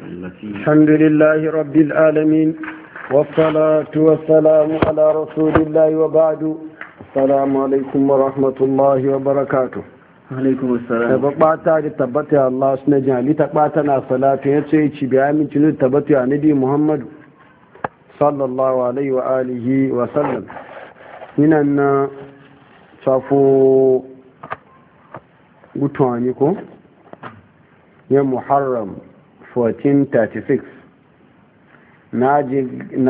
الحمد لله رب العالمين والصلاة والسلام على رسول الله وبعد السلام عليكم ورحمة الله وبركاته alaikum assalam da bata da tabbata ya Allah suna jami ta bata na salatu ya ce ci biya min cinu tabbata ya nabi Muhammadu sallallahu alaihi wa alihi wa sallam ina na safo gutwani ko ya Muharram 1436 najin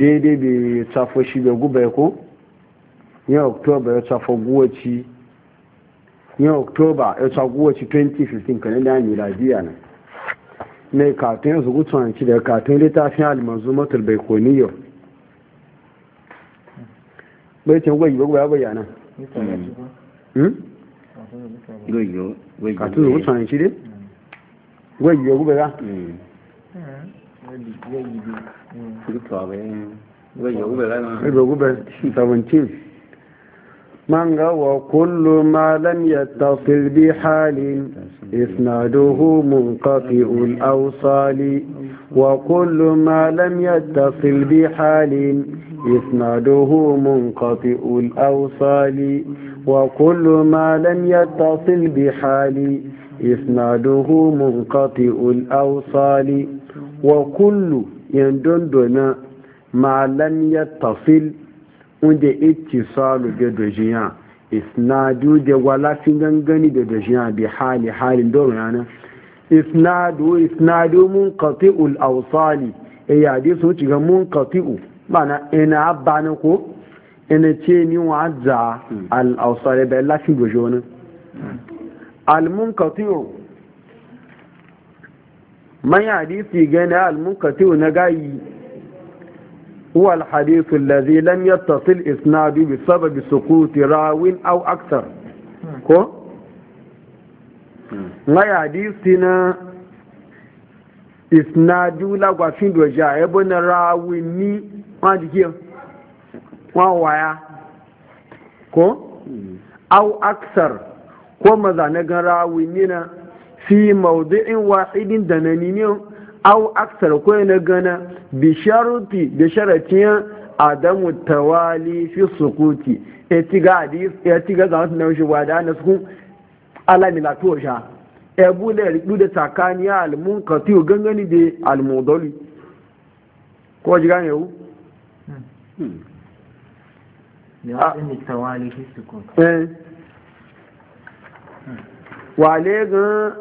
daidai bai tsafo shi da guba ya ko yin oktoba ya tsafo guwaci yin oktoba ya tsafo guwaci 2015 kanin da miladiya nan mai katon yanzu gutsuwanci daga katon littafin alimanzu matar bai koniyo bai can gwai gwai ya bayyana katon gutsuwanci dai wai yi من غوى كل ما لم يتصل بحال إسناده منقطع الأوصال وكل ما لم يتصل بحال إسناده منقطع الأوصال وكل ما لم يتصل بحال isnaduhu munqati'ul awsali wa kullu yandondona ma lam yattasil unde da bi dojiya isnadu de wala gangani da dojiya bi hali halin doro yana isnadu isnadu munqati'ul awsali e ya di so ci ga munqati'u mana ina abana ko ina ce ni wa'azza al awsali bai lafi dojona almunkatiru man hadisi gane almunkatiru na هو الحديث الذي لم يتصل إسناده بسبب سقوط راو أو أكثر كو ما حديثنا إسناده لا غفين دوجا ابن راو ني ما ديكي ما وايا كو أو أكثر ko maza na gan rawi nina fi maudu'in wahidin da na niniyo au aksar ko na gana bi sharuti da sharatiyan adamu tawali fi sukuti ya e ci ga e zama na wuce wada na sukun alamila tosha ya e bude rikidu da tsakani ya almun katiyo gangani da almudoli ko ji gane yau ne wasu tawali fi sukuti eh. wale gan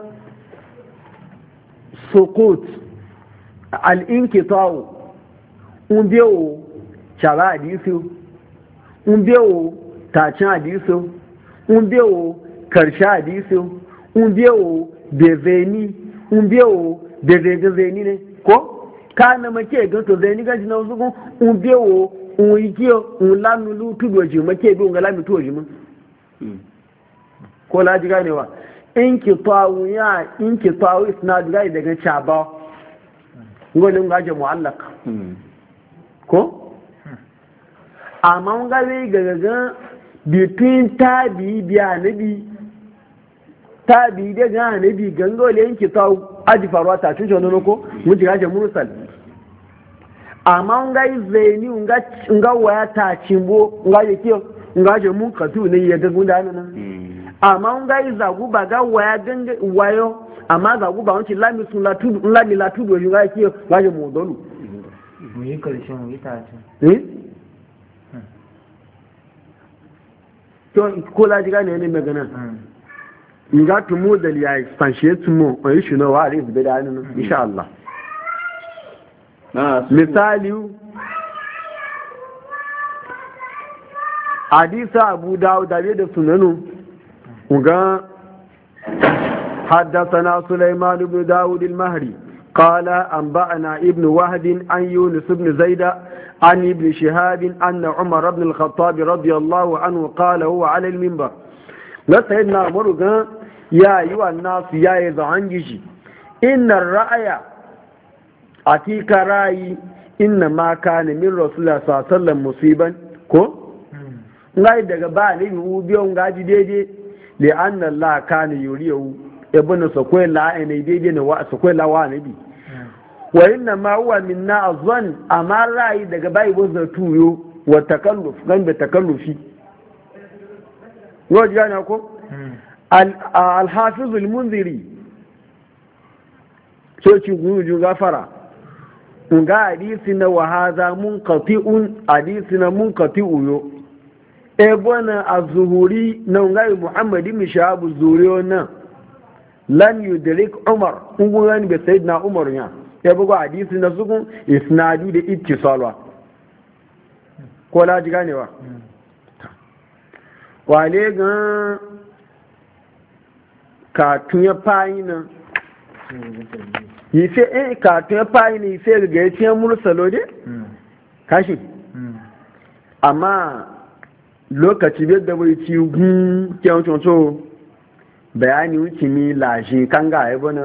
sukut al'inkitawo un biyo shara hadisu un biyo tacin hadisu un biyo karshe hadisu un biyo bezeni un bezegin zeni ne ko ka na make gan to zeni gan jina wasu un biyo un igiyo un lamulu tudu wajimu make bi un ga lamitu wajimu hmm. ko laji ganewa in ki tawu ya in ki tawu isnadu gai daga chaba ngolin gaje muallaq hmm. ko amma ngali gaga between tabi biya nabi tabi de ga nabi gangole in ki tawu aji faruwa ta cin shono ko mun ji gaje mursal amma ngai zaini nga nga waya ta cimbo nga yake nga je mun katu ne ya ga gunda nan hmm. amma n ga izagu ba ga waya gangan wayo amma zagu ba wancin lami sun lami latudu wajen gaya kiyo wajen modolu mu yi karshen mu yi tashin to ko laji gane ne magana in ga tumo da ya expansion tumo a yi shi na wa a rizu bai da hannun insha Allah misali hadisa abu dawo da da sunanu وقال حدثنا سليمان بن داود المهري قال أنبأنا ابن وهب عن يونس بن زيد عن ابن شهاب أن عمر بن الخطاب رضي الله عنه قال هو على المنبر لا سيدنا عمر يا أيها الناس يا يزعنجي إن الرأي أتيك رأي إنما كان من رسول الله صلى الله عليه وسلم مصيبا كو ngai daga ba ne biyu biyan gaji daidai li anna la kana yuriyu ibn sakwai la ne daidai ne wa sakwai wa nabi wa inna ma huwa minna azan amma ra'ayi daga bai buzza tuyo wa takalluf gan da takallufi ji jana ko al-hafiz al-munziri so ci guju gafara ga hadisi na wa hadha munqati'un hadisi na munqati'u yo ebona a zuhuri na ngai muhammadu mishabu zuriyo nan lam yudrik umar ungulan be sayyidina umar ya ebo hmm. ga hadisi na sukun isnadu da ittisalwa ko la ji ganewa wale gan katun ya fayi na yife eh katun ya fayi ne yife ga ya tiyan de hmm. kashi hmm. amma lokaci bai da bai ci gun kyan coco bayani wuce mi lashe kan ga ya bana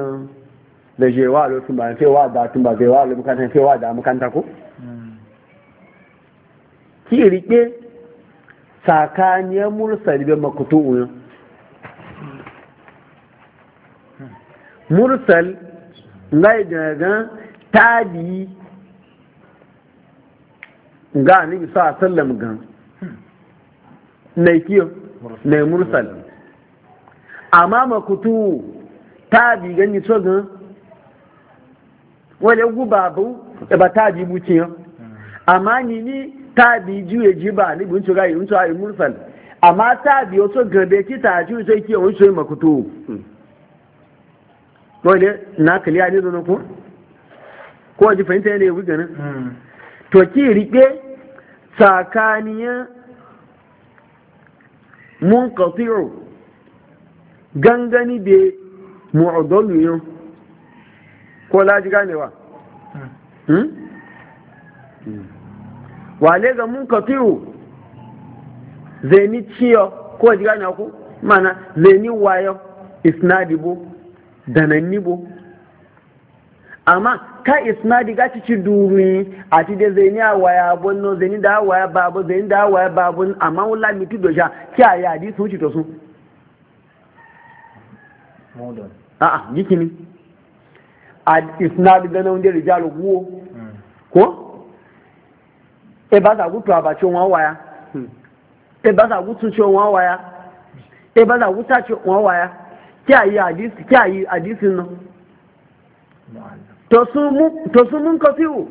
da jewa wa lokacin ba sai wa da tun ba sai wa lokacin sai wa da makanta ko ki rike tsakaniyar mursali bai makutu mursal ngai daga tabi ga ni sa sallam gan na mai na mursal amma makutu ta bi gani so gan wale bu e ba ta bi buci hmm. amma ni ni ta bi juye jiba ni bun so ga yun so ayi mursal amma ta bi o so gan be ki ta ju so ki o so makutu hmm. wale na kaliya ne don ko ko ji fahimta ne wi ganin to ki rike tsakaniyar mun kasiru gangani da mu'adalu yau ko laji ganewa hmm. hmm? wale ga mun kasiru zai ni ciyo ko ji ganewa ku mana wayo ni wayo isnadibo danannibo amma ka isnadi ga ci duri ati de zeni awaya bonno zeni da awaya babo zeni da awaya babo amma wala mitu doja ki a aya di sun ci to sun a a yikini ad isnadi ga na wunde rijal wo hmm. ko e ba za gutu abacho wọn hmm. e waya e ba za gutu cho wọn waya e ba za guta cho wọn waya ki aya hadisi ki aya hadisi no to su mun kafiu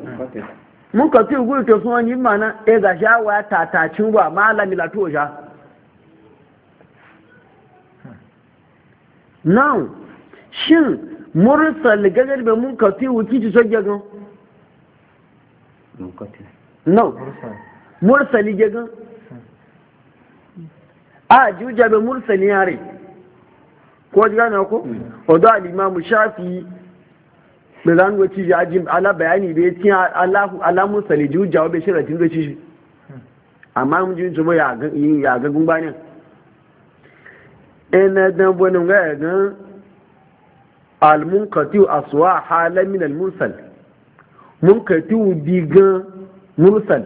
mun kafiu guri to su wani mana e ga shawa ya tatacin wa malami latuwa sha now shin mursal gagar be mun kafiu kici sojja gan no mursali gagan a juja be mursali yare ko ji gane ko mm. odo al-imam shafi'i da za mu ci jaji ala bayani da ya ci alamun saliju jawo bai shirin da ci shi amma mun ji su ya ga gumba ne ina dan bonin ga ya ga almunqati aswa halan min almursal munqati diga mursal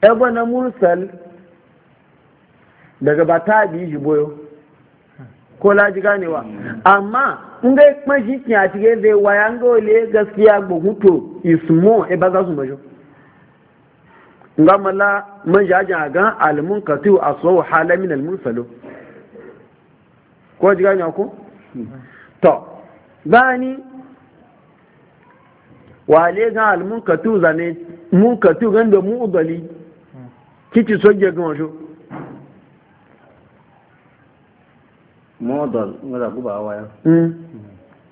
e na mursal daga bata bi shi boyo ko laji ganewa amma in dai kuma shi kin a cikin zai waya ga wale gaskiya ga hutu ismo e ba za su majo nga mala man jajan ga almun katu aswa halamin salo. ko jiga nyako to bani wale ga almun katu zane mun katu ganda mu udali kici soje ga wajo modal ngada guba waya hmm.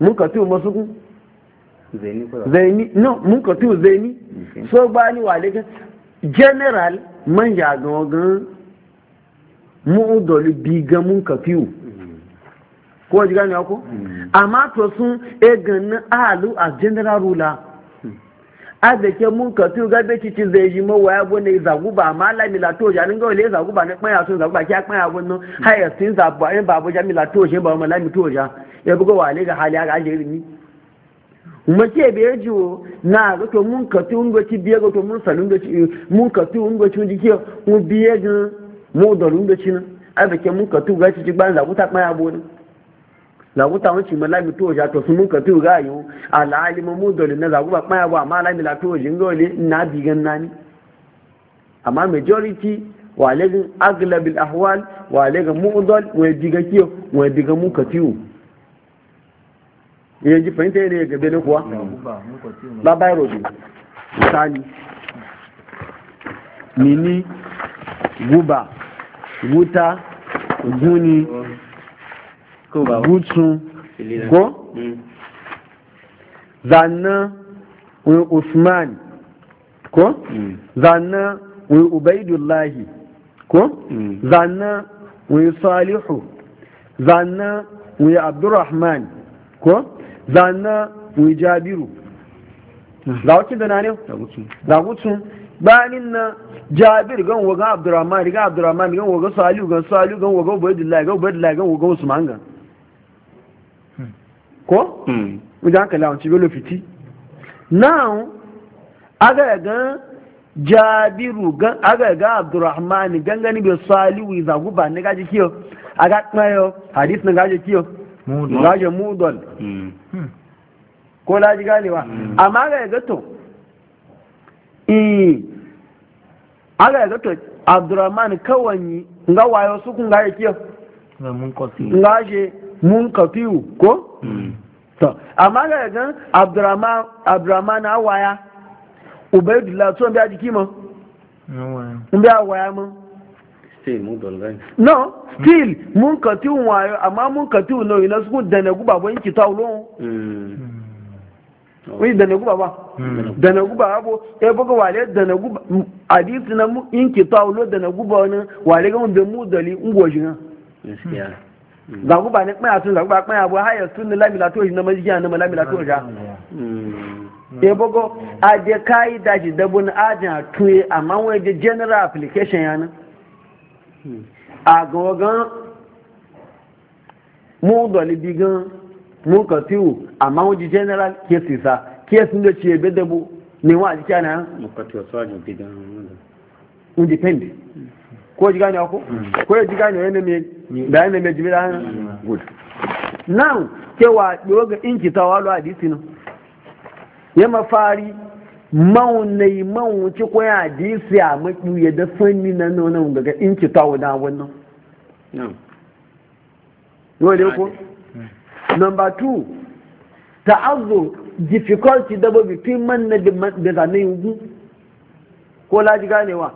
munkatu masuku zaini no munkatu zaini so ba ni wa daga general man ya gan mu dolu bi ga munkatu mm. ko ji gane ko mm. amma to sun e ganin ahalu a general ruler ke mun ka tu ga be titi zai yi mo waya bo ne zagu ba ma la mi la to ja ngo le zagu ba ne pa so zagu ba ki pa ya bo no ha ya tin za ba ba bo ja la to je ba ma la mi to ja ya e bu wale wa ga hali ga je ni mu ce be ji wo na ga to mun ka tu ngo ti biye ga to mun salun ga ci mun ka tu ngo ci ji ke mu biye ga mu do lungo ci na ke mun ka tu ga ci ji ban zagu ta pa ya bo ne la wuta wancin ma lami to ja to sun mun ka tu ga yu ala alimu mu le na za ba pa wa mala mi la to jin gole na gan nani amma majority wa lagin aglab al ahwal wa lagin mu'dal wa diga kiyo wa diga mu ka tu yaji fahimta ne ga bele kuwa ba ba robi misali mini guba wuta guni hutun ko zanna wani usman ko mm. zanna wani ubaidullahi ko mm. zanna wani salihu zanna wani abdurrahman ko zanna wani jabiru za wakil da nane? Za zawucin bayanin na jabir gan wagan abdurrahman gan abdurrahman gan wagan salihu gan salihu gan wagan ubaidullahi gan ubaidullahi gan wagan usman gan ko? wajen hankali awon cibiyar fiti now aga gan jabiru aga ga abdurrahmani gangani bai salihu zagu ba ne gaji ní aga kí o na gaji kiyo gaji mudol ko laji ganewa amma aga hmm. Hmm. Hmm. ga to aga ga to wayo su kun gaji Nga gaji mun kafiyu ko? Hmm. amma ga gan abdurrahman awaya ubaidullah so n biya jiki ma? n biya awaya ma? still mun no still mun kafiyu wayo amma mun kafiyu no ina suku dana guba bo yanki ta ulo wani dana guba ba dana guba abo e boga wale dana guba hadisi na mu yanki ta ulo dana guba wani wale ga mu da mu dali ngwajina gaskiya zaguba ne kpaya sun zaguba kpaya bu haya sun ni lamila to shi na majiya na lamila to ja e bogo a je kai da shi dabun ajin tuye amma wai je general application yana a gogan mu dole bigan mu ka tiwo amma wai general cases sa case ne ce be dabu ne wa jikana mu ka tiwo so ajin bigan independent ko ji gane mm. ko ko ya ji gane yana me mm. da yana me jimira good nan cewa yoga in ki tawalu hadisi no ya mafari maunai mawuci ko ya hadisi a maƙi ya da sanni na na daga in ki tawo na wannan dole ko mm. number two ta'azzu difficulty da between man da zanayin yugu ko laji ganewa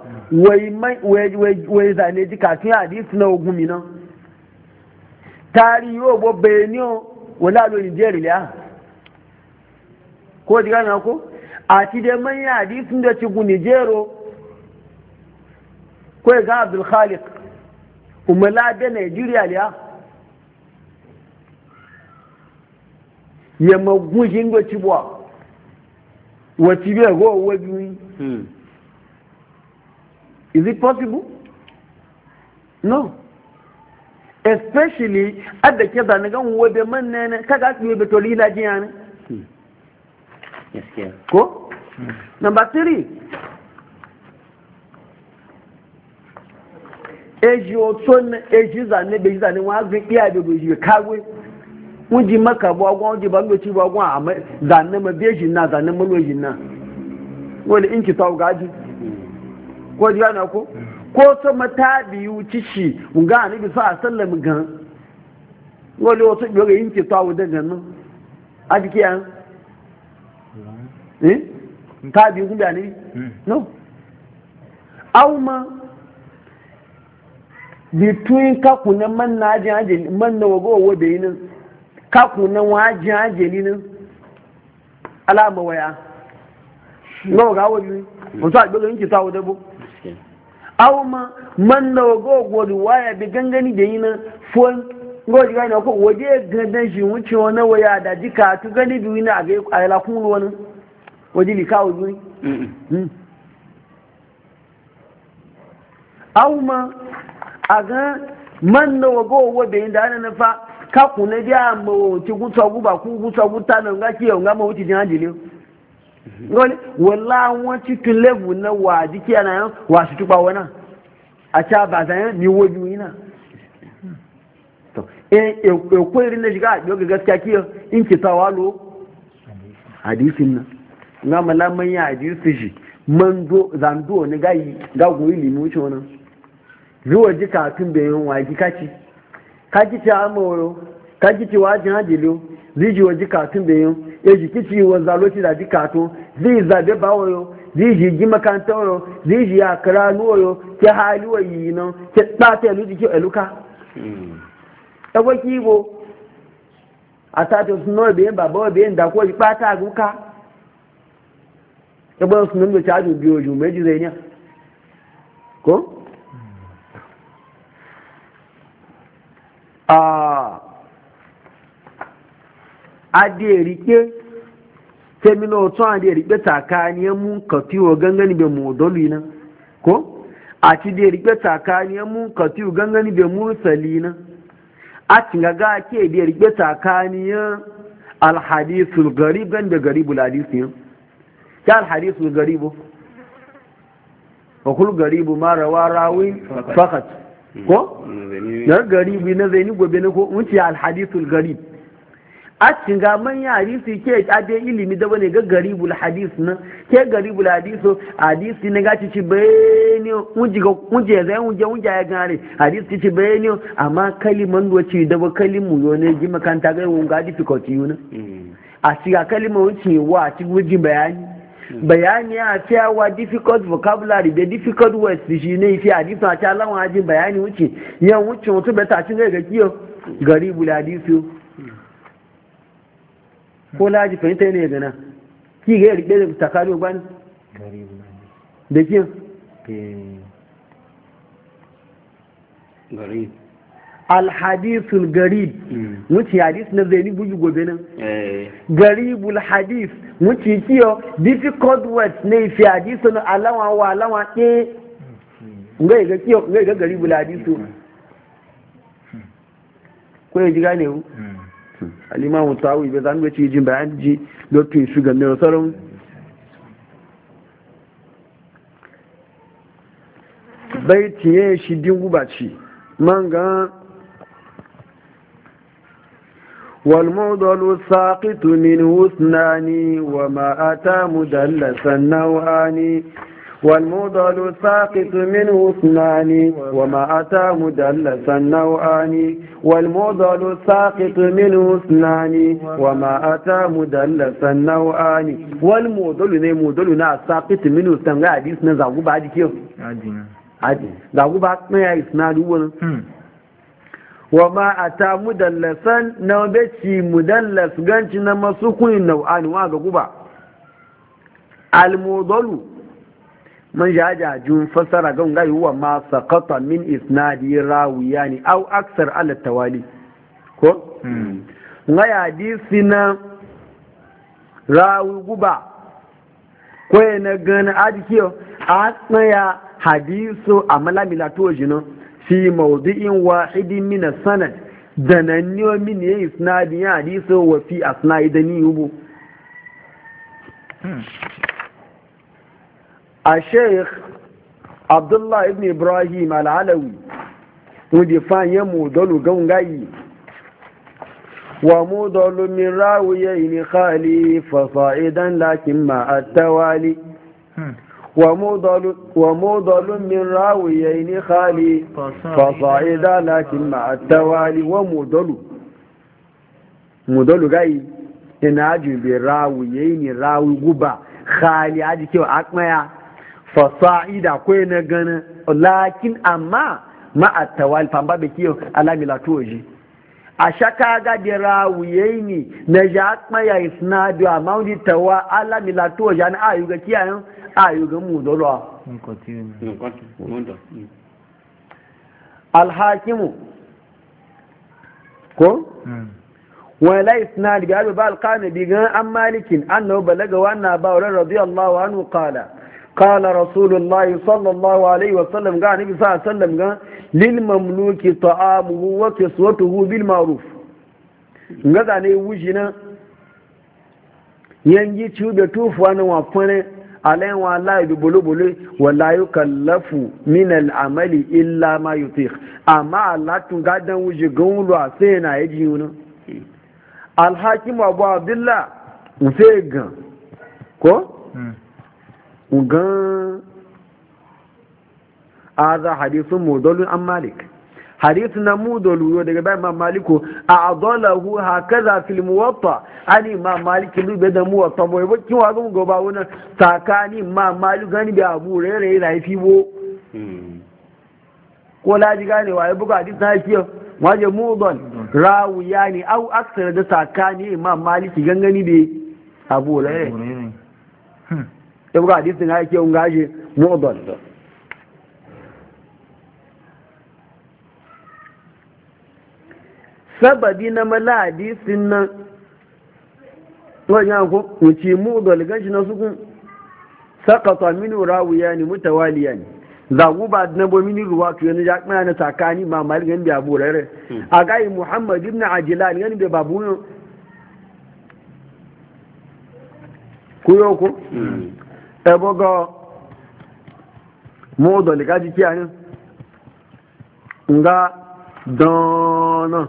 wai zane ji kafin hadisi na ogun minan tarihi yóò bo bẹ̀rẹ̀ wani o wọlé àlórí jẹ́rìí lẹ́yà ko ji ganewa ko àti dẹ yi hadisi da ti gun nìjẹ́rọ ko ya ga abdul khalik umala da nigeria lẹ́yà yamma gun shi ngwa cibuwa wacce biyar gowa wabi hmm. Is it possible? No. Especially at the kids that gan webe man ne kaga ki webe to lila jiya hmm. Ko? Hmm. Number three Eji otu eji zane be zane wa gbe iya be be ji kawe. Wọ́n jí maka bọ́ ọgbọ́n jí bá ń gbé tí bọ́ ọgbọ́n àmọ́ zànà mọ́ bí èjì náà zànà mọ́ lójì náà. Wọ́n lè ń kìtọ́ ọgájú. ko ji gane ko ko so mata biyu cishi ga annabi sa sallam gan wani wasu biyu ga yinke tawo da ganin a jiki yan hmm? eh ta biyu kun da annabi no auma between kakunan man na ajin ajeli man na wago wago da yinin kakunan wajin ajeli nin alama waya ga wago hmm. wajen mutu a gbogbo yinke tawo da bu aw ma man na wago gori waya bi gangani da yi na fon goji gani ko waje gandan shi wuce wani waya da jika tu gani biyu na a yi lakun wani waje hmm. aw ma a ga man na wago wabe yin da ana na fa kakuna biya ma wuce gusa guba ku guta na nga kiyo nga ma wuce jin ngoli wala won ti tun level na wa di ki ana wa su tupa wona acha ba zan ni woju ina to e e, e ko irin ne jiga yo ga gaskiya ki in ki tawalo hadisin na na malaman ya hadisi ji. man do zan do ne ga ga go ilimi shi wannan zuwa ji kafin bayan wa ji kaci kaci ta amoro kaci ti wa jin ji ziji wa ji kafin bayan eji kici wa zaloci da dikato zai zabe bawoyo zai ji ji makanta oyo zai ji ya kira nuwoyo ke hali wa yi nan ke hmm. ta yalu jiki eluka ɗagwa kiwo a tati su nawa biyan baba wa biyan da ko ji ɓata aguka ɗagwa su nan da bi biyo ju mai ji zai ko hmm. a ah. adi rike temino otu adi rike tsakaniyar mu katiwa gangani bai mu dolu ko ko a ci da rike tsakaniyar mu katiwa gangani bai mursali nan a nga ga ga ke da rike tsakaniyar alhadisul garib gan da garibul hadisi yan ya alhadisul garibu wa kul garibu ma rawa rawi fakat ko na mm, mm, mm. garibu na zaini gobe na ko wuce alhadisul garib a cinga manya hadisi ke ade ilimi da bane ga garibul hadis na ke garibul hadisu hadisi ne gaci ci bayani unji ga unje zai unje unje ya gane hadisi ci bayani amma kaliman wace da ba kalimu yo ne ji makanta ga un ga difficulty yo ne a ciga kalima wace wa ci guji bayani bayani a fiya wa difficult vocabulary da difficult words shi ne fi hadisi a ta lawan ajin bayani wuce yan wuce mutum bai ta cin ga kiyo garibul hadisi ko laji fahimta ne gana ki ga yarda da takari ba ne da kiyan garib alhadisul garib wuce hmm. hadis na zai ni bugi gobe nan eh. garibul hadis wuce kiyo difficult words ne fi na, alawa wa alawa ɗe ngai ga kiyo ngai ga garibul hadisu hmm. ko ya ji gane wu hmm. alimamu ta wuyi bai zanen wace jin bayan ji lokacin shugan nero sarun bai tiye shi din gubaci man gan walmudalu saƙitu min husnani wa ma'ata mu dallasan nawa والمضل ساقط منه اثنان وما أتى مدلسا نوعان والمضل ساقط منه اثنان وما أتى مدلسا نوعان والمضل ne مضل na ساقط منه اثنان ga hadis na zagu ba hadis yau hadis zagu ba na ya isnadu wannan wa ma a ta mudallasan na wabe mudallas ganci na masu kunin nau'ani wa ga guba almodolu man jajajun fassara ga ngai ma saqata min isnadi rawiyani aw aksar ala tawali ko ngai hadisi na rawi guba na gana adikiyo a tsaya hadisu a malamila tojino fi mawdi'in wahidin min sanad da nan ne min ya isnadi ya hadisu wa fi asnai da ni yubu a sheikh abdullah ibn ibrahim al'alawi wadda fanye mudalu gangayi wa mudalu min rawiye ni khali fasa'idan lakin ma'attawali ومضل من راويين خالي فصاعدا لكن مع التوالي ومضل مضل جاي ان اجي براويين راوي غبا خالي اجي كيو اكميا fasa'ida ko na gana lakin amma ma a tawali fa babu kiyo alami latoji a shaka ga da rawuye ne na ya kpaya isnadu amma wani tawa alami latoji ana ayu ga kiyayen ayu ga mu dolo alhakimu ko wani la isnadu ga abu ba alkanu bi gan an malikin annabu balaga wannan ba wani radiyallahu anu kala قال رسول الله صلى الله عليه وسلم قال النبي صلى الله عليه وسلم قال للمملوك طعامه وكسوته بالمعروف ngaza ne wujina yanji ciwo da tufuwa na wafane alayin wa la bi bulubulu wa la yukallafu min al'amali illa ma yutiq amma Allah tun gadan wuji gunlu a sai na yaji yuna alhakim abu abdullah gan ko hmm. ugan aza hadisun mudolin an malik hadisun na mudolu yau daga bayan ma a adolahu haka za fil muwatta ani ma maliki bai da muwatta boye ba kin wa gumu goba wani tsakani ma gani bi abu rere ya zafi bo ko laji gane wa ya buga hadisun haifi waje mudol rawuya ne au aksar da tsakani ma maliki gangani bi abu rere sai buga hadisin ya ke ungashi mudal sababi na mala hadisin nan wajen yanku wuce mudal ganshi na sukun sakata minu rawiya ne mutawaliya ne zagu ba na bomini ruwa to yanzu ya na takani ma mal gan bi abu rare hmm. a muhammad ibn ajilan gan bi babu kuyo ko hmm. ebogo modo le gaji ki ayin nga dana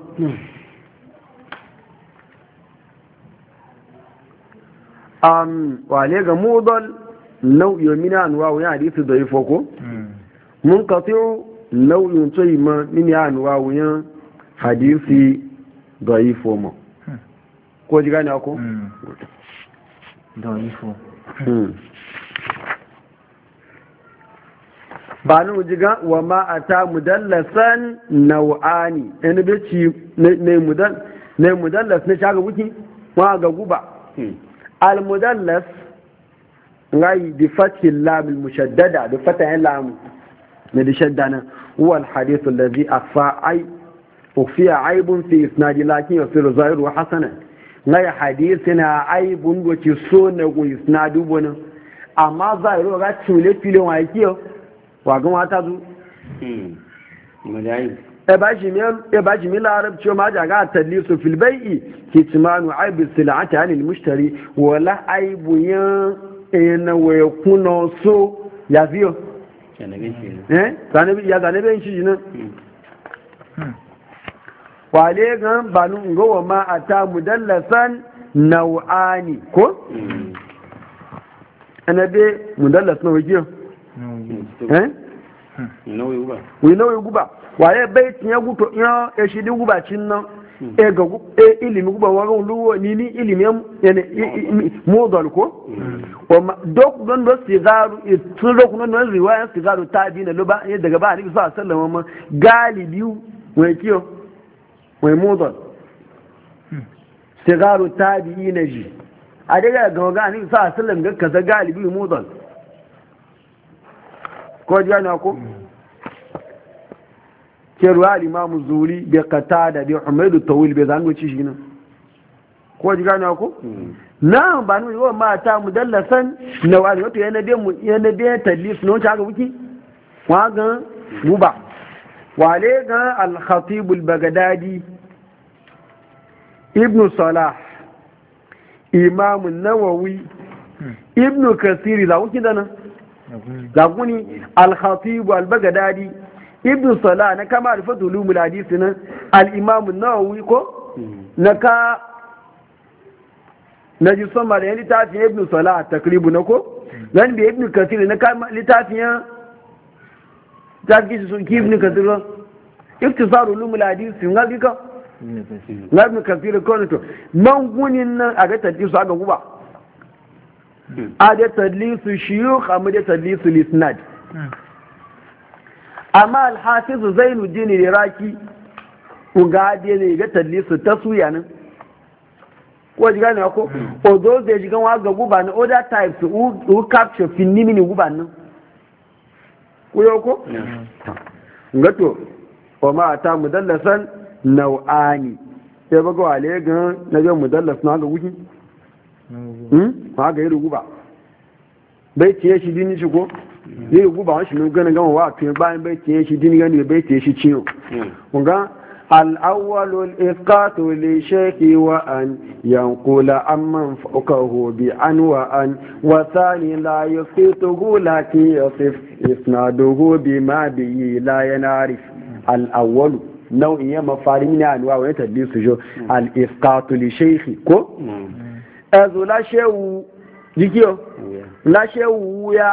am wale ga mudal nau'i mina anwa wani hadisi da ifo ko mun katiru nau'in tsayi ma mini anwa wani hadisi da ifo ma hmm. ko ji gane ko hmm. da ifo hmm. ba ni mu jiga wa ma a ta mudallasan nau'ani ɗan ci ne mudallas ne shaga wuki wa ga guba hmm. al mudallas ngai di fathi lam al mushaddada bi fatha lam ne di shaddana huwa al hadith alladhi afa ay ukhfiya aibun fi isnadi lakin yasiru zahir wa yi ngai na aibun wa ci sunna go isnadu bona amma zahiru ga cule filin wa kiyo wagon wata zu ba shi mi larabci ma jaga a tallisu filbai'i kitmanu aibu silata ne mushtari wala aibu yan ina waya kuna so ya fiyo ya zanebe shi nan wale gan banu gowa ma a ta mudallasan nau'ani ko? ana anabe mudallas na wajen Eh? Eh? wi nauyi guba waye bai tinya guto ya ya guba cin na hmm. e ga e ilimi guba wa gon ni ni ilimi yana ko hmm. o ma dok don do sigaru tun dok non non sigaru tabi na e, daga ba ni sallallahu alaihi ma galibi wai kiyo wai modal hmm. sigaru tabi na ji a daga ga ga ni sallallahu alaihi ga kaza galibi modal ko ji ana ko ke ruwa limamu zuri bai kata da bai umaru tawil bai zango ci shi nan ko ji ana ku? na ba ni ruwa ma ta mudallasan na wani wato yana bai mu yana bai talif non ta ga wuki wa ga guba wale ga al-khatib al-baghdadi ibn salah imam an-nawawi ibn kasiri la wuki da nan zakuni al-khatibu al-bagdadi ibn salah na kama da fatulu muladisi nan al-imam an-nawawi ko mm. na ka na ji son mara littafin ibn salah takribu na ko mm. nan bi ibn kathir na kama littafin ta kishi sun ki ibn kathir iktisaru lumul hadisi ngal ka ngal ibn kathir ko to man gunin nan a ga taddisu aga guba a da tadlisu shiyukh amma da tadlisu lisnad amma alhafizu zainuddin iraki uga ne ga tadlisu tasuya nan ko jiga ne ko hmm. o zai ze jiga wa ga guba ne other types u u capture fin mini guba nan ko yo hmm. ko ngato o ma ta mudallasan nau'ani sai bago ale ga na ga mudallas na ga wuki Hmm? ba ga yi ruguba bai tiye shi dini shi ko hmm. yi ruguba wani shi ne gama wa tuye bayan bai tiye shi dini gani bai tiye shi ciwo hmm. kunga al'awwalu al'ifqatu li shaykhi wa an yanqula amman fawqahu bi an wa an wa thani la yusituhu yasif isnaduhu bi ma bihi la yanarif al'awwalu nau'in ya mafari ne anwa wani tabbisu jo al'ifqatu li shaykhi ko ẹ̀zù láṣẹ́wù jíkíọ́ láṣẹ́wù wúyá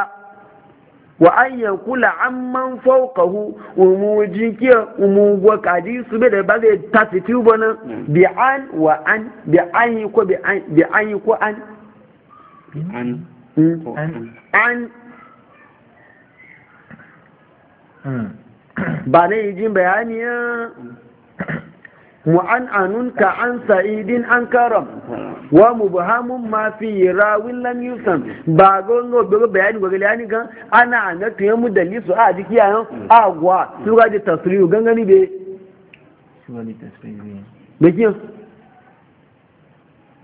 wà á yẹn kúlà á máa ń fọ́ kàwú òmù jíkíọ́ òmù wọ kàdí súbẹ̀ bá lè tàfi tí ó bọ́ náà bí án wà án bí án bí án án. án. ba yi jin bayani ya hmm. Mu ka an sa'idin an karam wa mubhamun ma fi rawin lam yusam ba ga a jiki yan agwa ga da tasriyu gangani be su ga da tasriyu be kiyo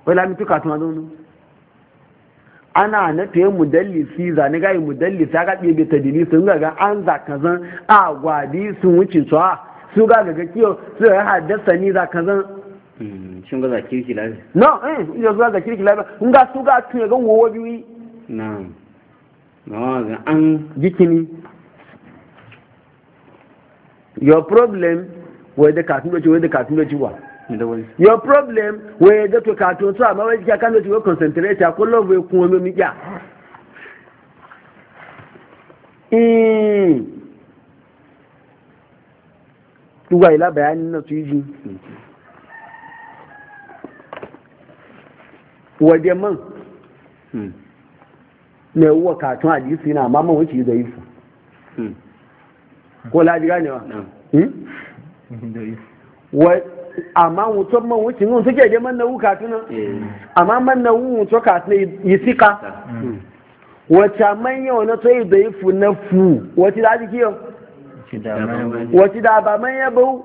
wala ana na to yamu dalisi za ni ga yamu dalisi ga be be tadilisu ga an za kazan agwa di sun wucin to su ga ga kiyo su ya haddasa ni za ka zan hmm, shin ga za kirki lafi no eh ya zuwa ga kirki lafi in ga su ga tun ya ga wowa biyu na na ga an jikini your problem wai da katun doci wai da katun doci wa your problem wai da to katun su amma wai kika kan doci wai concentrate a kullum wai kuma mi kya hmm. duwa ila bayanin na su yi wadda man na yawuwa katon hadisi yana mamman wuce yi zaifu ko laji ganewa hmm? amma wuton man wuce nun suke je man na wu katuna eh. amma man na wu wuto katuna yi sika hmm. wacce man yau na to yi zaifu na fu wacce da kiyo wacce da ba man yabo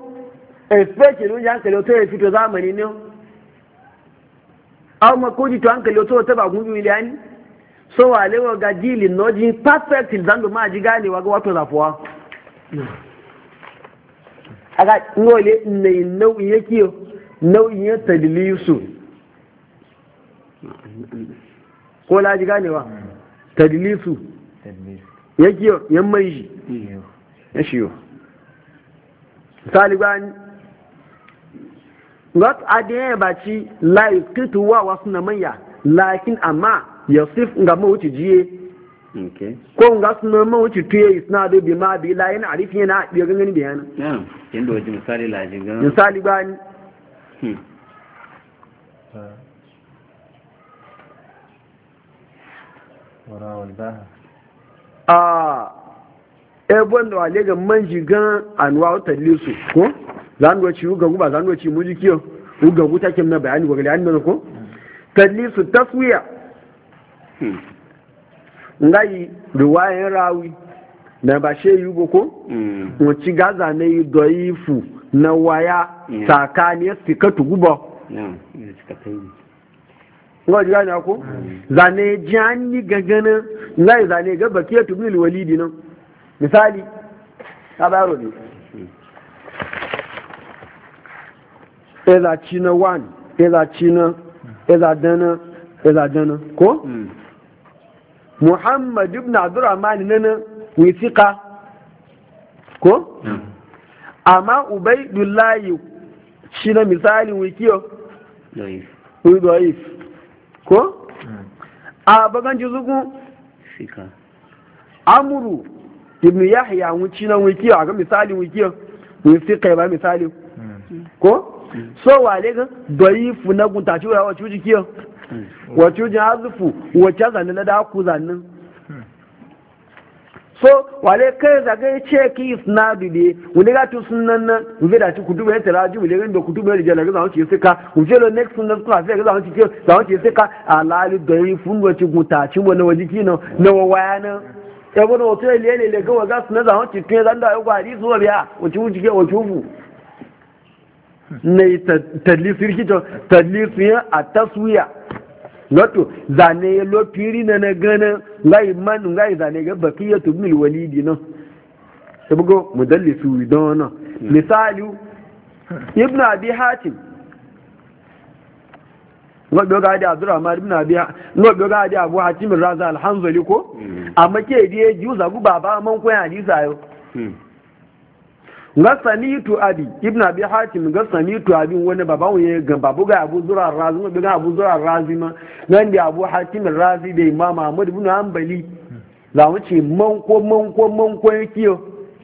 especially wajen hankali wato ya fito zamani ne an makoji to hankali wato wata ba wili miliyani so wa lewa ga jilin noji perfect zando ma ji ganewa ga wato zafuwa A aga ngole ne nau'in yake nau'in ya tadlisu ko la ji ganewa tadlisu yake yan mai shi ya misali gani ngot adiyan ba ci lai wa wasu na manya lakin amma yasif nga mawuci jiye ko nga su na mawuci tuye suna na bi ma bi layin arifi yana biyo gangani da yana misali gani gana misali ba ah ebon eh, da wale ga man jigan anwa wata su ko zan ci uga guba zan ci muji kiyo uga guta kim na bayani gogale an nan ko su taswiya hmm. ngai riwayan rawi na ba she yi ugo ko mu hmm. ci gaza na yi doifu na waya tsakaniyar hmm. sikatu guba nga ji gane ko zane jani gagana ngai zane ga bakiyatu bil walidi nan misali na bayaro ne ezaci cina wani ezaci na ezadana dana ko hmm. muhammad ibn abdurrahman nana wifika ko amma shi na misali wikiyo widoif ko hmm. a ah, bagan jizugu amuru ibn yahya wuci nan wiki a ga misali wiki mun fi kai ba misali ko so wale ga daifu na gunta ci wa cuji kiyo wa wa ta zanne na da ku so wale kai zaga ce ki isnadu de wani ga tu sunan nan wuri da ci ku duba yadda raju wuri da ku duba yadda ga zamu ci sika wuri lo next sunan kuma sai ga zamu ci kiyo zamu ci sika alali na, gunta ci wani na, na waya na ya bane wato ya lele le gawa gas na zaman ci tun zan da ya gwari zuwa biya wace wuce ke wace ubu ne tadlisu rikicin tadlisu yin a taswiya wato zane ya lofiri na na gana ngai man ngai zane ga bakiya tu mil walidi no sabugo mudallisu don nan hmm. misali ibnu abi hatim ngobe ga da Abdurrahman ibn Abi ngobe ga da Abu Hatim Raza al-Hanzali ko hmm. amma ke die ju za gu baba man ko hadisi ayo hmm. ga samitu abi ibn abi hatim ga samitu abi wani baba wuye ga babu ga abu zura razi ngobe ga abu zura razi ma nan da Abu Hatim razi da Imam Ahmad ibn Hanbali za mu ce man ko man ko man ko kiyo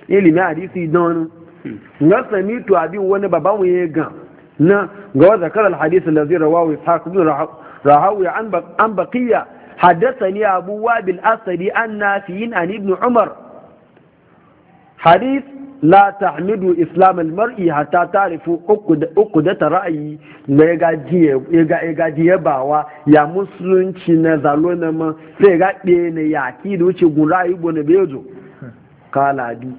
ilimi hadisi don hmm. ga samitu abi wani baba wuye ga na gawa zakar alhadis alladhi rawahu ishaq ibn rahawi an an baqiya hadathani abu wabil asadi an nafi'in an ibn umar hadith la tahmidu islam almar'i hatta ta'rifu uqda uqda ra'yi ta ra'ayi, jiye ga ga jiye ya musulunci na zalona ma sai ga ne ya ki da wuce gun ra'yi bone bejo kala di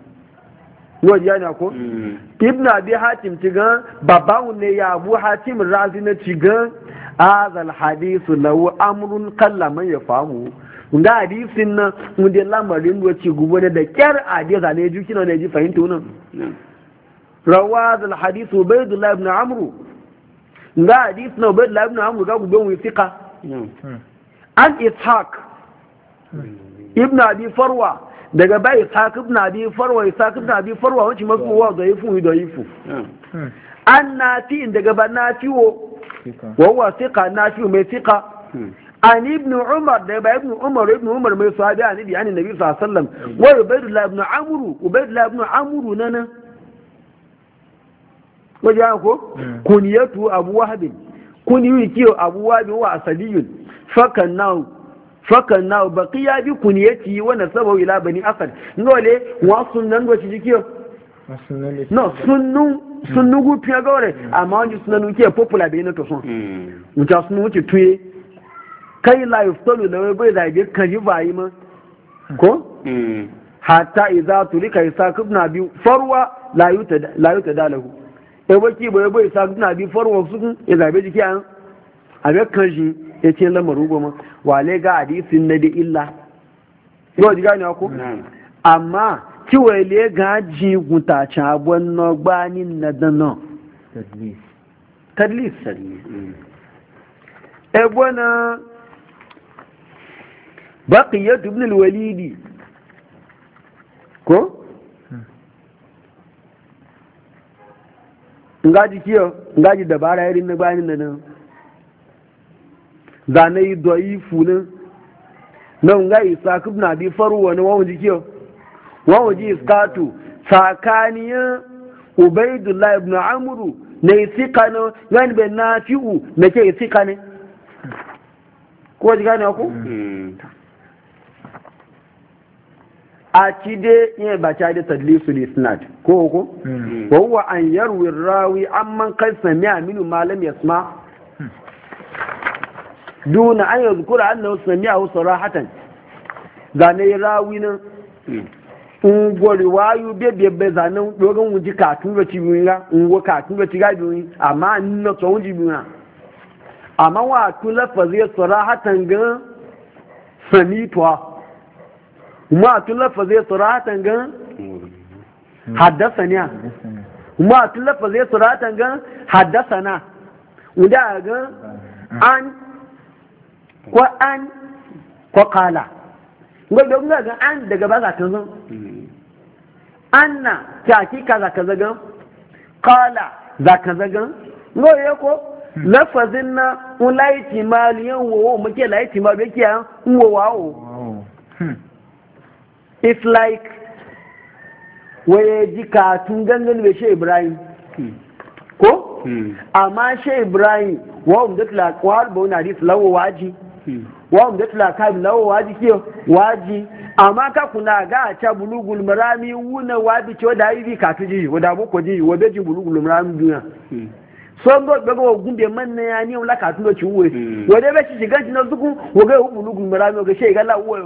yau ya na ko mm. ibn abi hatim tigan babban ne ya abu hatim razi na tigan azal hadisu lahu amrun qalla man yafamu nga hadisin na mun lamarin da ci gubo da kyar hadisa ne ji kina ne ji fahimta wannan rawa Azal Hadisu ubaydullah ibn amr ga hadis na ubaydullah ibn amr ga gubo wi fiqa hmm. an ishaq mm. ibn abi farwa daga bai sakib na bi farwa sakib na bi farwa wacce masu wa ga yi yifu da yi fu an na fi daga ba na fi fiwo wawa sika na fi mai sika hmm. an ibn umar da ba ibn umar ibn umar mai sahabi an ibi an nabi sallallahu alaihi wasallam hmm. wa ubaidullah ibn amru ubaidullah ibn amru nana wajen ko hmm. kuniyatu abu wahabin kuniyu kiyo abu wahabin wa asaliyun fakan nahu Fakar na baki ya bi ya kuniyati wa nasabahu ila bani asad ngole wa sunnan go cikiyo no sunnu hmm. sunnu gu pia gore hmm. amma wani sunanu ke popular bai na to sun hmm. muta sunu wuce tuye kai la yuftalu da wai bai da bi kan yi bayi ma ko hatta idza tulika isaq ibn abi farwa la yuta la yuta dalahu e baki bai bai isaq ibn abi farwa su ya zabe jiki an abe kan shi ya ce lamaru goma wale ga hadisin na da illa yau ji gani ku amma le ga ji guta cagon na gbanin na dana tadlis e na baki ya al-walidi ko hmm. ngaji kiyo ngaji dabara irin na gbanin na dana zane yi doyi funin nan ga isa na bi faru wani wawan jiki wawan ji iskatu tsakaniya ubaidullahi ibn amuru na isi kano yan bai na fi'u na ke isi kane ko ji gane ku hmm. a ci dai yin ba ci su ne lisnad ko ko hmm. wa huwa an yarwi rawi amman kan sami aminu malam yasma duna an yadhkura annahu sami'ahu sarahatan zane rawi nan ngwo riwayu be be be zane katun ga tibinga ngwo katun ga tiga bi amma nno to wuji na amma wa kula fazi sarahatan ga samitwa ma kula fazi sarahatan ga haddasani ma kula fazi sarahatan ga haddasana wanda ga an ko an ko kala ngai da ngai ga an daga ba za ta zo anna ta kika za ka zaga kala za ka zaga ya ko lafazin na un laiti mali yan wowo muke laiti ma be kiyan un it's like waye ji katun gangan be she ibrahim ko hmm. amma she ibrahim wa um da la kwar ba na hadis lawo waji wa mu da tulaka bi lawo waji ke waji amma ka kuna ga a ca bulugul marami wuna wabi ce wadda yi ka tuji wadda boko ji wadda ji bulugul marami duniya son do be go gumbe man ya ni wala ka tuno ci uwe wadda be ci shigan ci na zuku wo ga bulugul marami ga she ga la uwe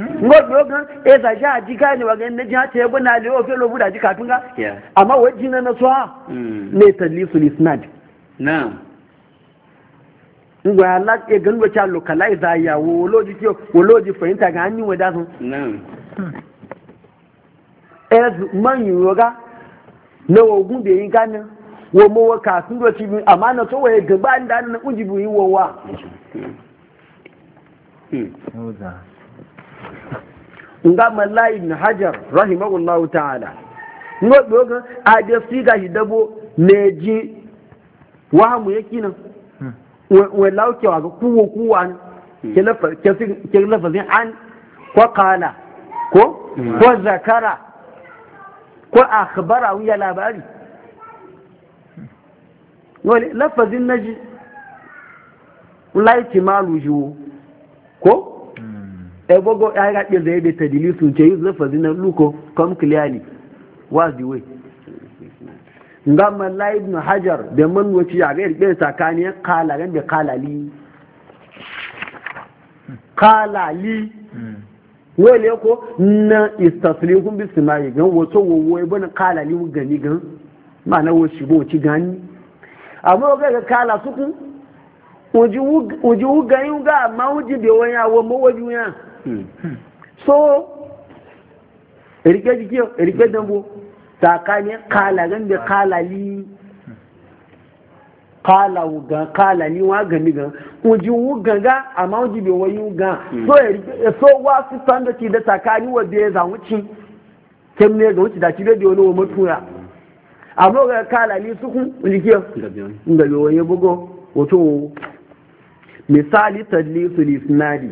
ngo do ga e za ja ji ga ne wa ga ne ja te bo na le o fe lo buda ji ka tunga amma wajin na so ha ne talisul isnad na'am ngwa ya lati egan gbe cha localize aya wo loji ti wo loji fahimta ga anyi we dasun ez man yoga na ogun de yin kan wo mo wo ka sun do ti bi amana to e we gan ba nda na unji bu yin wo wa nga malai ibn hajar rahimahullahu ta'ala ngo dogan a de siga hidabo ne ji wahamu yake kinan walau kewa ga kuwa kuwa ke lafazin an ko kala ko ko zakara ko khabara wuya labari wani lafazin naji laiti malu jiwo ko hmm. ebogo ya yi ɗin zai da tadili sun ce yi lafazin na luko come clearly what's the nga malla ibn hajar da man wuci ya ga irbe sakani kala ran da kalali li wele ko na istaslihum bi simai gan wato wowo ibn li gani gan ma'ana wo bo ci gani amma ga ga kala suku uji wu gani ga amma uji be wanya wo mo waju ya hmm. so erike jike erike dambo tsakanin kalagan da kalali kala wuga kala ni wa gani gan uji wuga ga amma uji bai wani wuga mm. so so wa su sanda ti da tsakani wa ya za ci kem ne ga wuci da ti da wani wa mutuya amma ga kala ni su kun uji ke inda be wayi bugo wato misali su lisnadi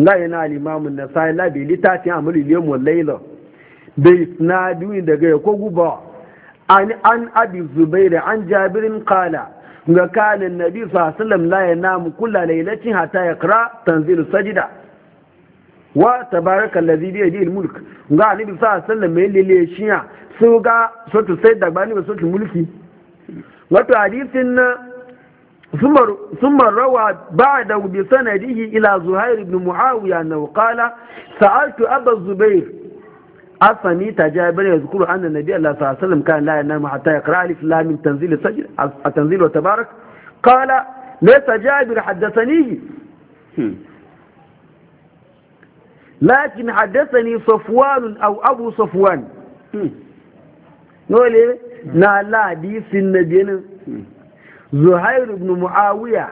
nga yana al-imam an-nasai la bi litati amru al wal-layla na duni daga ya ko guba an an abi da an jabirin kala ga kanin nabi sallam alaihi wasallam namu kula lailacin hata ya kira tanzil sajida wa tabaraka allazi bi yadihi almulk ga nabi sallallahu alaihi wasallam yayin lele shiya su ga so to sai da bani so to mulki wato hadisin na ثم روى بعده بسنده إلى زهير بن معاوية أنه قال سألت أبا الزبير asami ta ji abin yanzu kuro an da nabi Allah sallallahu alaihi wasallam kan la yanamu hatta yaqra alif lam min tanzil sajid at-tanzil wa tabarak qala laysa jabir haddathanihi lakin haddathani safwan aw abu safwan nole na la hadisin nabiyin zuhair ibn muawiya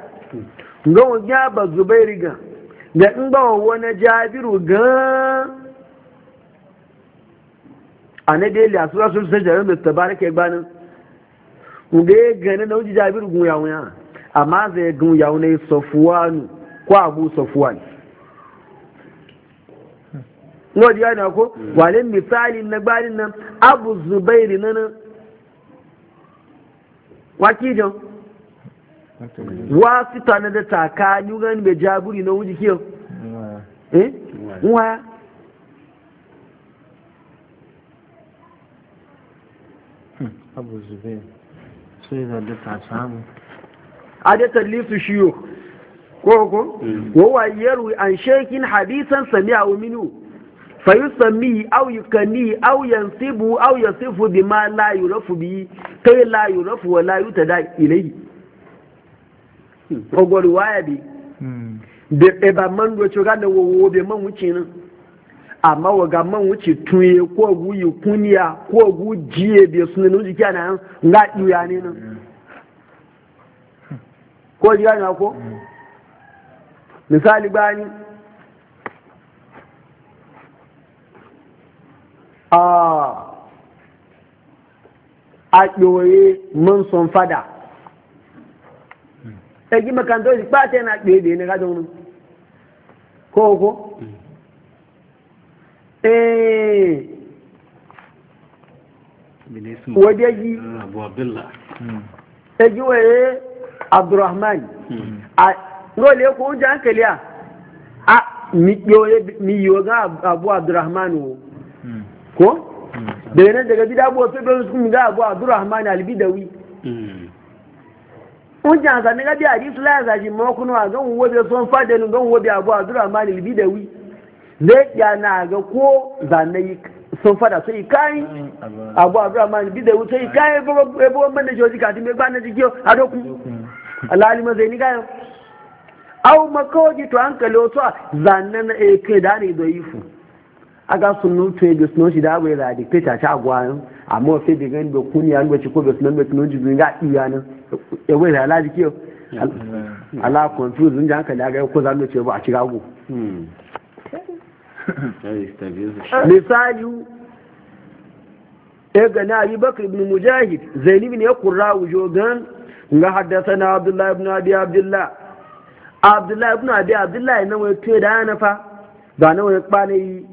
ga wani ba zubairi ga ga in ba wani jabiru ga annabi ya liya sura sun sajda ran da tabaraka gbanin ude ganin na wuji jabiru gun yawon ya amma zai gun yawon ne safuwanu ko abu safuwan ngo ji gane ko wale misali na gbanin nan abu na nan waki jan wasu tana da taka gani mai jabiri na wuji eh waya abu zubair sai zalle ta samu a da tallisu shiyo ko ko wawa eh. yaru an shekin hadisan sami'a uminu fayusami aw yukani aw yansibu aw yasifu bima la yurafu bi kai la rafu wa la da ilai? Hmm. ogori waya bi de hmm. eba man do choga da wo man wuce nan amma ga man wuce tuye ko guyi kuniya ko gu jiye bai suna nuji kya na yan nga ɗuya ne nan ko jiya na ko misali bani a a ɗoye mun son fada ɗagi e makarantar ba ta yana ɗoye da yana gajonu ko ko mm. eh wajeji eji waye abdurrahman hmm. a ah, role ko oúnjẹ nkele a a ah, miyo ga abu abdurrahman o hmm. ko hmm. daga nan daga bida abuwa fi ɗan sun ga abu abdurrahman albidawi oúnjẹ hankali ga bí àdísù láyé àzàjì mọ́kúnnà gan wọ́bẹ̀ sọ́n fàdẹ̀lù gan wọ́bẹ̀ abu abdurrahman albidawi zai ya na ga ko zane sun fada sai kai mm, abu abraman bi da wuce kai ebo man da joji ka timbe ba na jiki a doku alalima zai ni gayo au makoji to hankali a zane na eke eh, da ne da ifu aga sunu to ga sunu shi da wai da dictator ta gwayo amma sai da gani da ko da ji ga iya nan e wai da alaji kiyo mm. ala confuse din hankali aga ko zan ce ba a ci gago misali ya eh, gana abi bakar ibn mujahid zaini ne ya kurra wujo gan ga haddasa na abdullahi ibn abi abdullahi abdullahi ibn abi abdullahi na wai tuye da yana fa ba na wai kwana yi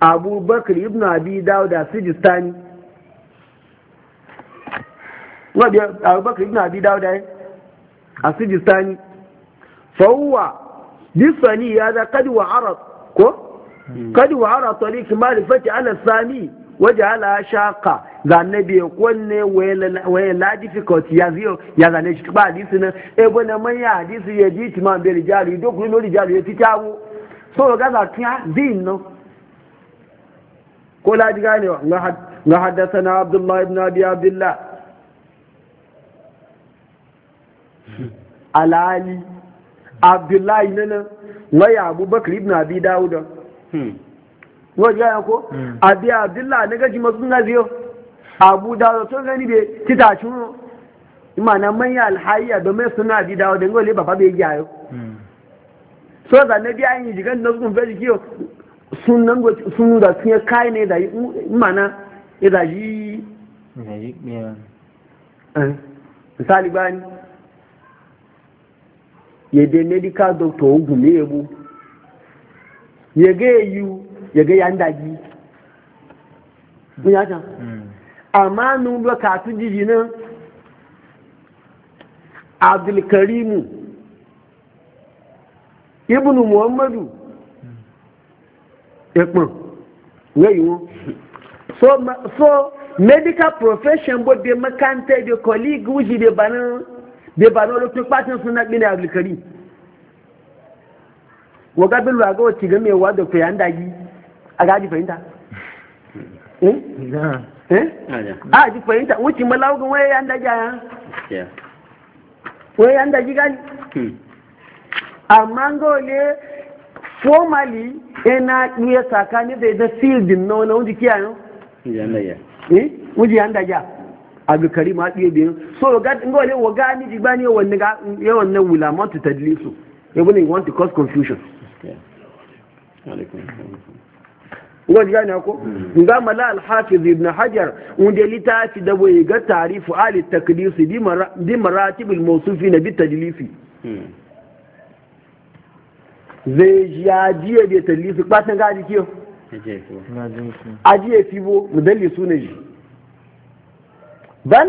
abu bakar ibn abi dawuda sijistani abu bakar ibn abi dawuda a sijistani fawwa bisani ya za kadi wa arab ko kadi wa ara tariq ma'rifati ala sami waje ala shaka za na biya kwanne waye la difficult ya ziyo ya zane shi ba hadisi na ebo na manya hadisi ya ji ti ma be jaru ido kuri no jaru ya ti kyawu so ga za tiya zin no ko la ji gane nga haddasa abdullahi ibn abi abdullah alali abdullahi nana waya abubakar ibn abi dawuda Hmm. wajen ya ko hmm. abi Abdullahi na gaji masu na ziyo abu da sun gani bai titacin imana manya alhayya domin suna ji dawo da ngole baba bai gyayo hmm. so da na biya yin jigan na sun fari kiyo sun nan go sun da sun ya kai ne da imana ya da yi eh, misali bani ya de ka doctor ogun ne ya bu. ya ga ya yi ya ga ya ndagi bunyata hmm. amma nun lo katu jiji nan abdulkarimu ibnu muhammadu ya lẹ́yìn wọn so so medical profession bo de mẹ́kántẹ́ de colleague wújì de bànú de bànú olókùn pátí fún náà gbé ní abdulkarimu waga bin raga wacce ga mewa da ku yanda yi a gaji fahimta eh eh ah, a ji fahimta wuce malawu ga yanda ya waya yanda ji gani hmm. amma ga wale formally ina iya tsakani da ita field na wani wuce kiyayen wuce yanda eh? ya abu kari ma ɗiye biyu so ga wale waga ni ji bani yawan wula tadlisu ne want to cause wani gani ko mm. ga mala al-hafiz ibn hajar wanda littafi da bai ga tarifu ali taklisi bi maratib al-mawsufi na bi tadlisi mm. zai ya jiye da tadlisi kwatan ga jikiyo ajiye fibo mudalli suna ji ban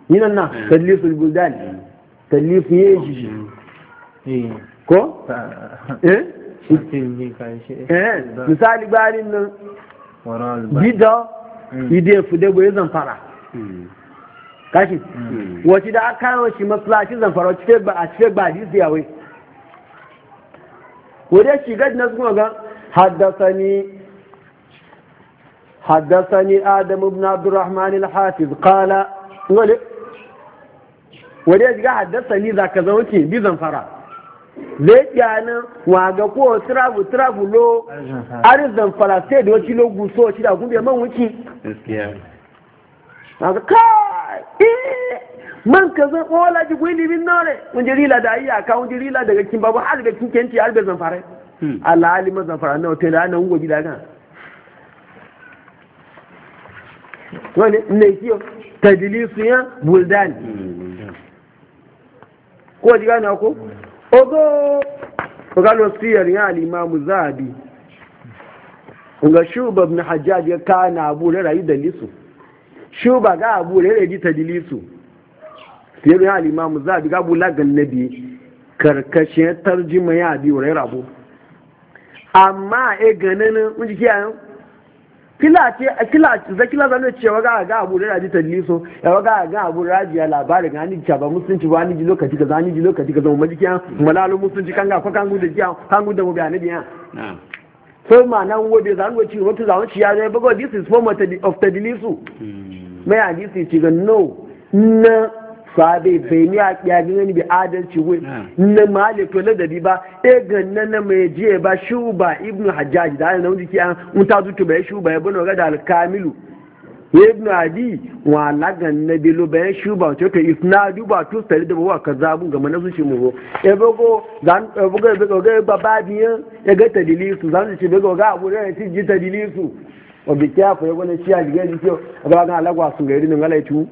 yinan na eh. tallifin buldan eh. eh? yi yeji ko? eh? misali gbarin nan gida hmm. ide fude bai zamfara hmm. kashi hmm. wacce da aka kawo shi masalashi zamfara a cike ba disi yawai wadda shiga na suna ga haddasani adamu آدم بن عبد hafiz kala wale wani ya shiga haddasa ni za ka zama ke bi fara zai kyanin ga ko travel travel lo arizan fara sai da wacce lo so shi da gumbe man wuki ga kai eh, man ka zan kola oh, ji gwini bin nore mun ji rila da ayyaka, mun ji rila daga kin babu har da kin kenti har da zamfara hmm. Allah alimin zamfara na hotel ana ungo gida kan wani ne kiyo tadlisu ya buldani hmm. ko ji gane ko ogo galo siyar ya al-imam zabi ga shuba ibn hajjaji ya na abu na rayu da lisu shuba ga abu ne da ta dilisu siyar ya al-imam zabi ga abu lagan nabi karkashin tarjima ya bi wurin rabu amma e ganin mun ji kiyayen kila ce a kila za kila zan ce wa ga ga abu da ji talliso ya wa ga ga abu raji ya labari ga ni ba musulunci ba ni ji lokaci ka zani ji lokaci ka zama majiki an malalu musulunci kan ga ko kan gudu kiya kan gudu mu bayani biya so ma nan wode zan go ci wata zan ci ya zai bago this is form of tadlisu hmm. mai hadisi ci ga no na sabe bai ni a kyagin wani bi adalci wai hmm. na mali to ladabi ba e ganna na mai jiye ba shuba ibnu hajjaji da na wuce kiyan unta ta bai shuba ya bano ga da alkamilu ibnu adi wa ganna na lo bai shuba to to isnadu ba to sai da wa kazabun ga mana zuci mu e bago zan e buga e e bago ga baba biyan e ga tadilisu zan ci bago ga abu da ci ji tadilisu wa bi kya ko ya gona ciya diga ni ko ga ga lagwa sun ga irin ngalai tu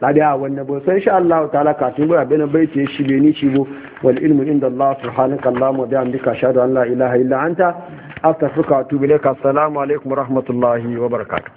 ladiya wanda bo san shi Allah ta'ala kafin gura na bai ce shi be ni shi bo wal ilmu inda Allah subhanaka Allahumma wa bihamdika ashhadu an la ilaha illa anta astaghfiruka wa atubu ilaika assalamu alaikum wa rahmatullahi wa barakatuh